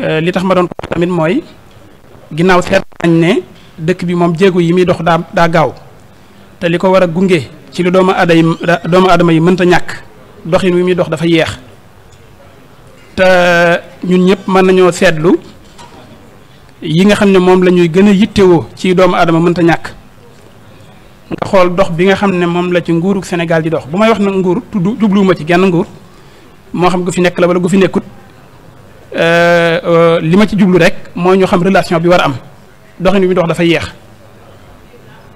Euh, li tax ma doon ko tamit mooy ginnaaw seet nañ ne dëkk bi moom jéego yi muy dox daa daa gaaw te li ko war a gunge ci li doomu aday doomu aadama yi mënta ñàkk doxin wi muy dox dafa yeex te ñun ñëpp mën nañoo seetlu yi nga xam ne moom lañuy gën a yittewoo ci doomu aadama mënta ñàkk nga xool dox bi nga xam ne moom la ci nguurug senegal di dox bu may wax nag nguur tudd jubluwuma ci genn nguur moo xam gu fi nekk la wala gu fi nekkut Euh, euh, li ma ci jublu rek moo ñu xam relation bi war a am doxin bi mu dox dafa yeex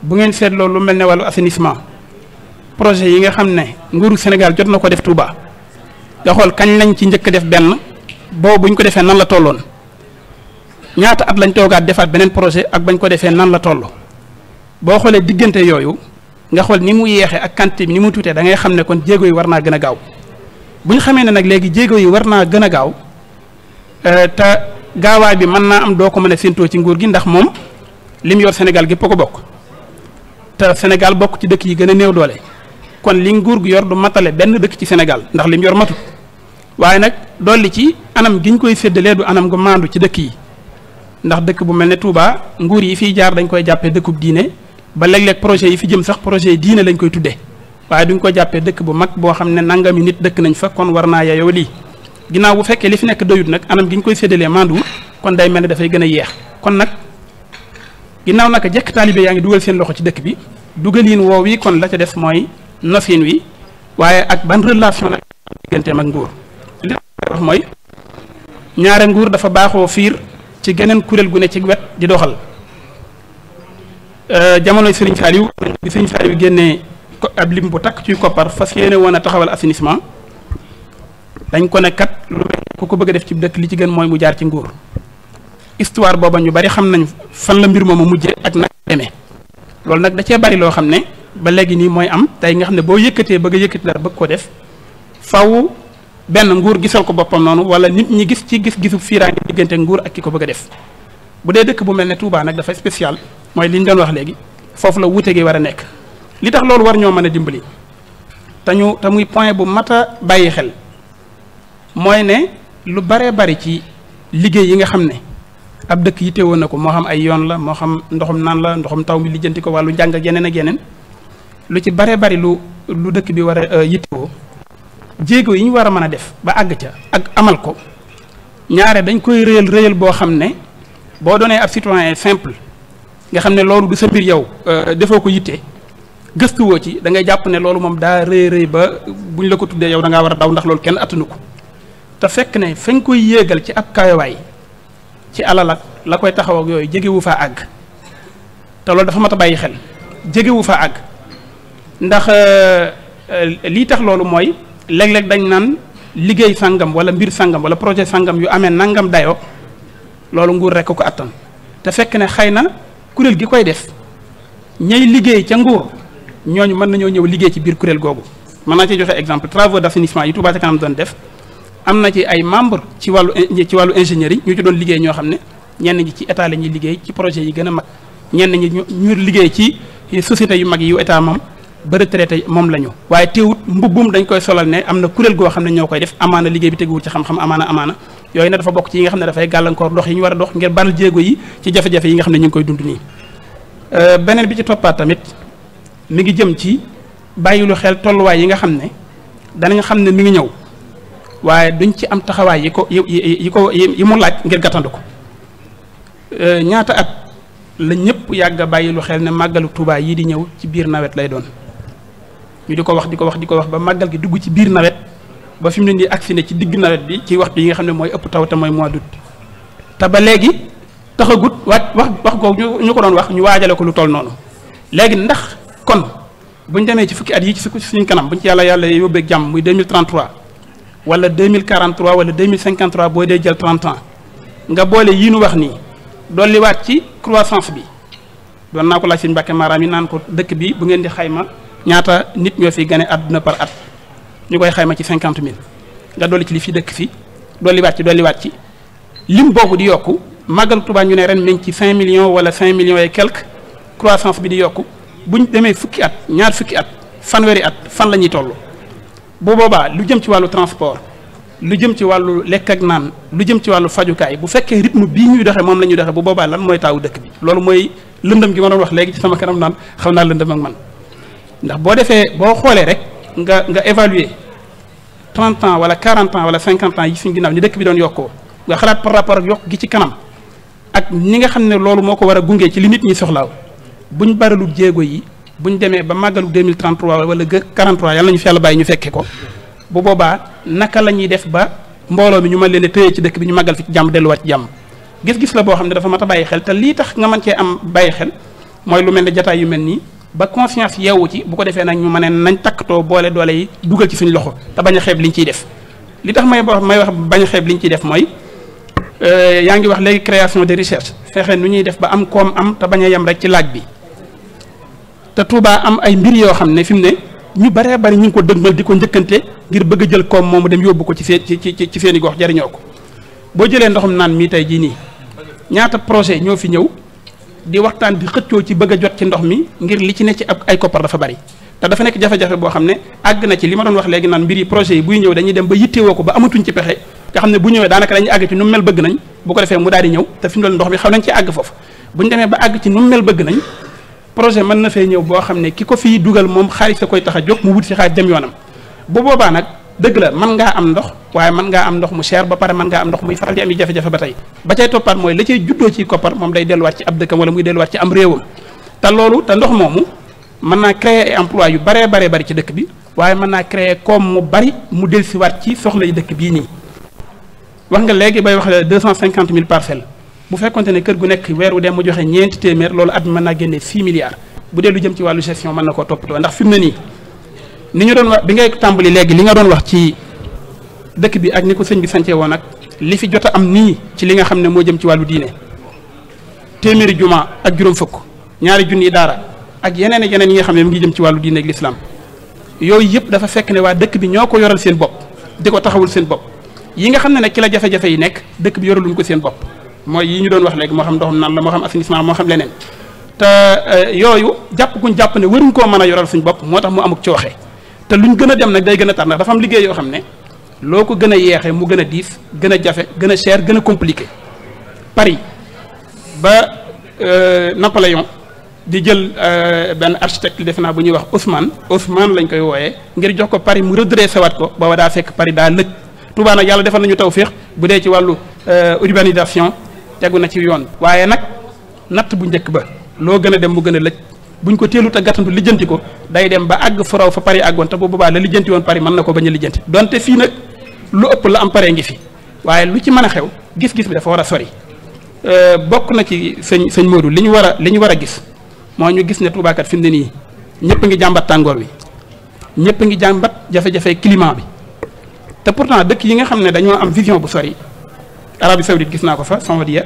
bu ngeen seet loolu mel ne wàllu assainissement projet yi nga xam ne nguuru Sénégal jot na ko def Touba nga xool kañ lañ ci njëkk def benn boobu bu ñu ko defee nan la tolloon ñaata at lañ toogaat defaat beneen projet ak bañ ko defee nan la toll boo xoolee diggante yooyu nga xool ni mu yéexee ak quantité bi ni mu tuutee da ngay xam ne kon jéego yi war naa gën a gaaw bu ñu xamee ne nag léegi jéego yi war naa gën a gaaw. Euh, te gaawaay bi mën naa am doo ko mën sintoo ci nguur gi ndax moom lim yor Sénégal gépp ko bokk te Sénégal bokk ci dëkk yi gën a néew doole kon li nguur gu yor du matale benn dëkk ci senegal ndax lim yor matut waaye nag li ci anam gi ñu koy séddalee du anam gu maandu ci dëkk yi ndax dëkk bu mel ne tuubaa nguur yi fi jaar dañ koy jàppee dëkkub diine ba léeg-léeg projet yi fi jëm sax projet yi diine lañ koy tuddee waaye duñ ko jàppee dëkk bu mag boo xam ne nangami nit dëkk nañ fa kon war naa yayoo lii ginnaaw bu fekkee li fi nekk doyut nag anam gi ñu koy séddalee mandu kon day mel ne dafay gën a yeex kon nag ginnaaw naka jekk taalibe yaa ngi dugal seen loxo ci dëkk bi dugaliin woow wi kon la ca def mooy nofin wi waaye ak ban relation la digganteem ak nguur li mooy ñaare nguur dafa baaxoo fiir ci geneen kuréel gu ne ci wet di doxal euh, jamonoy Serigne Saliou bi Serigne Saliou génnee ab lim bu takk ciy koppar fas yéene woon a taxawal assainissement dañ ko ne kat lu ku ko bëgg a def ci dëkk li ci gën mooy mu jaar ci nguur histoire booba ñu bari xam nañ fan la mbir moom mujjee ak nag demee loolu nag da cee bari loo xam ne ba léegi nii mooy am tey nga xam ne boo yëkkatee bëgg a yëkkati bëgg koo def faw benn nguur gisal ko boppam noonu wala nit ñi gis ci gis-gisu fiiraange diggante nguur ak ki ko bëgg a def bu dee dëkk bu mel ne Touba nag dafay spécial mooy li ñu doon wax léegi foofu la wuute gi war a nekk li tax loolu war ñoo mën a dimbali te ñu te muy point bu mat a bàyyi xel mooy ne lu baree bari ci liggéey yi nga xam ne ab dëkk yi teewoon na ko moo xam ay yoon la moo xam ndoxum naan la ndoxum taw mi lijjanti ko wàllu njàng ak yeneen ak yeneen lu ci baree bari lu lu dëkk bi war a euh, yittewoo jéego yi ñu war a mën a def ba àgg ca ak amal ko ñaare dañ koy réyal réyal boo xam ne boo doonee ab citoyen simple nga xam ne loolu du sa mbir yow euh, defoo ko yitte gëstuwoo ci da jàpp ne loolu moom daa rëy rëy ba buñ la ko tuddee yow da ngaa war a ndax loolu kenn attanu ko te fekk ne fañ koy yéegal ci ab kaayowaay ci alal ak la koy taxaw yooyu jegewu faa àgg te loolu dafa mat a bàyyi xel jegewu fa àgg ndax euh, lii tax loolu mooy léeg-léeg dañ naan liggéey sangam wala mbir sangam wala projet sangam yu amee nangam dayoo loolu nguur rekk ko attan te fekk ne xëy na kuréel gi koy def ñay liggéey ca nguur ñooñu mën nañoo ñëw liggéey ci biir kuréel googu mën naa ci joxe exemple travaux d'assainissement yi Touba ca kanam doon def am na ci ay membre ci wàllu ci wàllu ingénieurs yi ñu ci doon liggéey ñoo xam ne ñenn ñi ci état la ñuy liggéey ci projet yi gën a mag ñenn ñi ñu ñu liggéey ci société yu mag yu état moom ba retraité moom la ñu waaye teewut mbubbum dañ koy solal ne am na kuréel goo xam ne ñoo koy def amaana liggéey bi teguwul ci xam-xam amaana amaana yooyu na dafa bokk ci yi nga xam ne dafay gàllankoor dox yi ñu war a dox ngir baral jéego yi ci jafe-jafe yi nga xam ne ñu koy dund nii euh, beneen bi ci toppaat tamit mi ngi jëm ci bàyyilu xel tolluwaay yi nga xam ne danañ xam ne mi ngi ñëw waaye duñ ci am taxawaay yi ko yi ko yi mu laaj ngir gàttandu ko euh, ñaata at la ñëpp yàgg bàyyi lu xel ne màggalu Tuubaa yii di ñëw ci biir nawet lay doon ñu di ko wax di ko wax di ko wax ba màggal gi dugg ci biir nawet ba fi mu ne nii ak fi ne ci digg nawet bi ci wax waxtu yi nga xam ne mooy ëpp taw te mooy mois d'août te ba léegi taxagut wax wax wax googu ñu ko doon wax ñu waajale ko lu toll noonu léegi ndax kon buñ demee ci fukki at yi ci suñu kanam buñ ci yàlla yàlla yóbbeeg jàmm muy 2033 wala 2043 wala 2053 boo dee jël 30 nga boole yii nu wax nii dolliwaat ci croissance bi doon naa ko laaj sëñ Mbàkke Maaraam yi naan ko dëkk bi bu ngeen di xayma ñaata nit ñoo fi gane àdduna par at ñu koy xayma ci cinquante 000 nga dolli ci li fi dëkk fi dolliwaat ci dolliwaat ci lim boobu di yokk màggal Tuubaa ñu ne ren mi ci cinq millions wala 5 millions et quelques croissance bi di yokku buñ demee fukki at ñaar fukki at fanweeri at fan la ñuy toll. bu boobaa lu jëm ci wàllu transport lu jëm ci wàllu lekk ak naan lu jëm ci wàllu fajukaay bu fekkee rythme bii ñuy doxee moom la ñuy doxee bu boobaa lan mooy taawu dëkk bi loolu mooy lëndëm gi ma doon wax léegi ci sama kanam naan xam naa lëndëm ak man ndax boo defee boo xoolee rek nga nga évaluer 30 ans wala 40 ans wala 50 ans yi suñ ginnaaw ni dëkk bi doon yokkoo nga xalaat par rapport ak yokk gi ci kanam ak ñi nga xam ne loolu moo ko war a gungee ci li nit ñi soxlaaw buñ baralu jéego yi bu ñu demee ba màggalu 2033 wala 43 yàlla nañu fi yàlla bàyyi ñu fekkee ko bu boobaa naka la ñuy def ba mbooloo mi ñu mën leen a ci dëkk bi ñu màggal fi ci jàmm delluwaat ci jàmm gis-gis la boo xam ne dafa mat a bàyyi xel te lii tax nga man cee am bàyyi xel mooy lu mel ni jataay yu mel nii ba conscience yeewu ci bu ko defee nag ñu mën nañ takkatoo boole doole yi dugal ci suñu loxo te bañ a xeeb li ñu ciy def li tax may wax may wax bañ a li ñu ciy def mooy euh, yaa ngi wax léegi création de recherche fexe nu ñuy def ba am koom am te bañ a yem rek ci laaj bi te Touba am ay mbir yoo xam ne fi mu ne ñu baree bari ñu ngi ko mal di ko njëkkante ngir bëgg jël koom moomu dem yóbbu ko ci seen ci ci ci seen i gox jariñoo ko boo jëlee ndoxum naan mii tey jii nii ñaata projet ñoo fi ñëw di waxtaan di xëccoo ci bëgg a jot ci ndox mi ngir li ci ne ci ak ay koppar dafa bari te dafa nekk jafe-jafe boo xam ne àgg na ci li ma doon wax léegi naan mbir yi projet yi buy ñëw dañuy dem ba yittewoo ko ba amatuñ ci pexe nga xam ne bu ñëwee daanaka dañuy àgg ci nu mel bëgg nañ bu ko defee mu daal di ñëw te fi mu doon ndox mi xaw nañ ci àgg foofu bu ñu demee ba àgg mel bëgg nañ projet mën na fee ñëw boo xam ne ki ko fi dugal moom xaalis da koy tax a jóg mu wut si xaaj dem yoonam bu boobaa nag dëgg la mën ngaa am ndox waaye mën ngaa am ndox mu cher ba pare mën ngaa am ndox muy faral di am yi jafe-jafe ba tey ba cay toppaat mooy la cay juddoo ci koppar moom day delluwaat ci ab dëkkam wala muy delluwaat ci am réewam te loolu te ndox moomu mën naa créer ay yu baree baree bari ci dëkk bi waaye mën naa créer koom mu bari mu dellusiwaat ci soxla yi dëkk bii nii wax nga léegi bay wax la deux cent cinquante mille parcelles bu fekkonte ne kër gu nekk weer wu dem mu joxe ñeenti téeméer loolu at mën naa génne 6 milliards bu dee lu jëm ci wàllu gestion mën na koo toppatoo ndax fi mu nii ni ñu doon wax bi ngay tàmbali léegi li nga doon wax ci dëkk bi ak ni ko sëñ bi sancee woon ak li fi jot a am nii ci li nga xam ne moo jëm ci wàllu diine téeméeri juma ak juróom fukk ñaari junni daara ak yeneen yeneen yi nga xam ne mu ngi jëm ci wàllu diine ak lislaam yooyu yëpp dafa fekk ne waa dëkk bi ñoo ko yoral seen bopp di ko taxawul seen bopp yi nga xam ne nag la jafe yi nekk dëkk bi yoraluñ ko seen bopp mooy yi ñu doon wax léegi moo xam ndoxum naan la moo xam assainissement moo xam leneen te euh, yooyu jàpp guñ jàpp ne waruñ koo mën a yoral suñ bopp moo tax mu amuk cooxe te lu luñ gën a dem nag day gën a tar ndax dafa am liggéey yoo xam ne loo ko gën a yeexee mu gën a diis gën a jafe gën a cher gën a compliqué Paris ba euh, Napoléon di jël euh, benn architecte defe naa bu ñuy wax Haussmann Haussmann lañ koy wooyee ngir jox ko Paris mu redressé waat ko booba daa fekk Paris daa lëj Touba nag yàlla defal nañu tawféex bu dee ci wàllu urbanisation tegu na ci yoon waaye nag natt bu njëkk ba loo gën a dem mu gën a lëj buñ ko teelut a gàttantu lijjanti ko day dem ba àgg faraw fa Paris àggoon te bu boobaa la lijjanti woon Paris mën na ko bañ a lijjanti donte fii nag lu ëpp la am pare ngi fi waaye lu ci mën a xew gis-gis bi dafa war a sori euh, bokk na ci sëñ sëñ Modou li ñu war a li ñu war a gis moo ñu gis ne Touba kat ne nii ñëpp ngi jàmbat tàngoor wi ñëpp ngi jàmbat jafe-jafe climat bi te pourtant dëkk yi nga xam ne dañoo am vision bu sori Arabie Saoudite gis naa ko fa Saoudia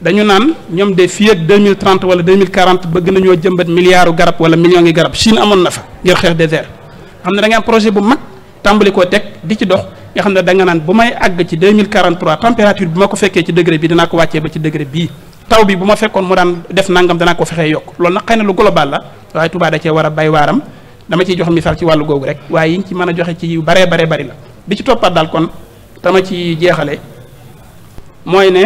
dañu naan ñoom de fii ak 2030 wala 2040 bëgg nañoo jëmbat milliardu garab wala millions yi garab Chine amoon na fa ngir xeex désert xam ne da nga am projet bu mag tàmbali koo teg di ci dox nga xam ne da nga naan bu may àgg ci 2043 température bi ma ko fekkee ci degré bi dinaa ko wàccee ba ci degré bii taw bi bu ma fekkoon mu daan def nangam danaa ko fexee yokk loolu nag xëy na lu global la waaye Touba da cee war a bay waaram dama ciy jox misaal ci wàllu googu rek waaye yi ñu a joxe ci yu baree baree bari la bi ci toppaat dama ci jeexale mooy ne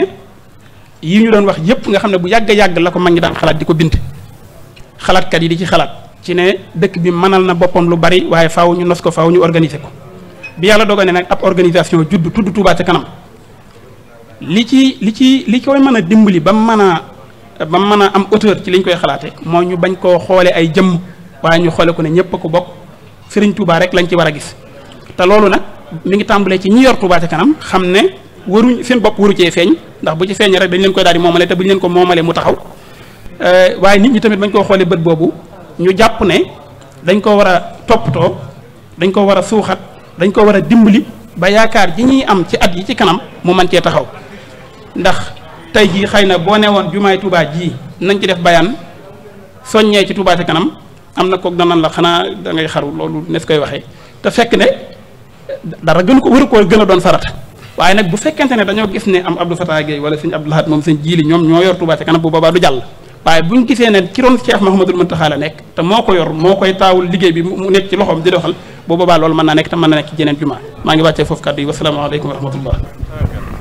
yi ñu doon wax yépp nga xam ne bu yàgg yàgg la ko mag ñi daan xalaat di ko bind xalaatkat yi di ci xalaat ci ne dëkk bi mënal na boppam lu bari waaye faw ñu nos ko faw ñu organiser ko bi yàlla dogal ne nag ab organisation judd tudd Touba kanam li ci li ci li koy mën a dimbali ba mën a ba mën a am auteur ci liñ koy xalaate moo ñu bañ koo xoole ay jëmm waaye ñu xoole ko ne ñépp a ko bokk Serigne tuubaa rek lañ ci war a gis te loolu nag ngi tàmbalee ci ñi yor Touba kanam xam waruñ seen bopp waru cee feeñ ndax bu ci feeñ rek dañ leen koy daal di moomale te bu ñu leen ko moomalee mu taxaw euh, waaye nit ñi tamit bañ ko xoolee bët boobu ñu jàpp ne dañ ko war a toppatoo dañ ko war a suuxat dañ ko war a dimbali ba yaakaar ji ñuy am ci at yi ci kanam mu man cee taxaw ndax tey jii xëy na boo nee woon jumaay Touba ji nañ ci def bayaan soññee ci Touba ci kanam am na kook danan la xanaa da xaru loolu nes koy waxee te fekk ne dara gën ko waru ko gën a doon farata waaye nag bu fekkente ne dañoo gis ne am Abdou Fatah Gueye wala sëñ Abdou Lahad moom sëñ jiili ñoom ñoo yor Touba ca kanam bu boobaa du jàll waaye buñ gisee ne ci ron Cheikh Mahamadul Muntaxa la nekk te moo ko yor moo koy taawul liggéey bi mu nekk ci loxoom di doxal bu boobaa loolu mën naa nekk te mën na nekk ci jeneen jumaa maa ngi wàccee foofu kàddu yi wasalaamaaleykum wa rahmatullah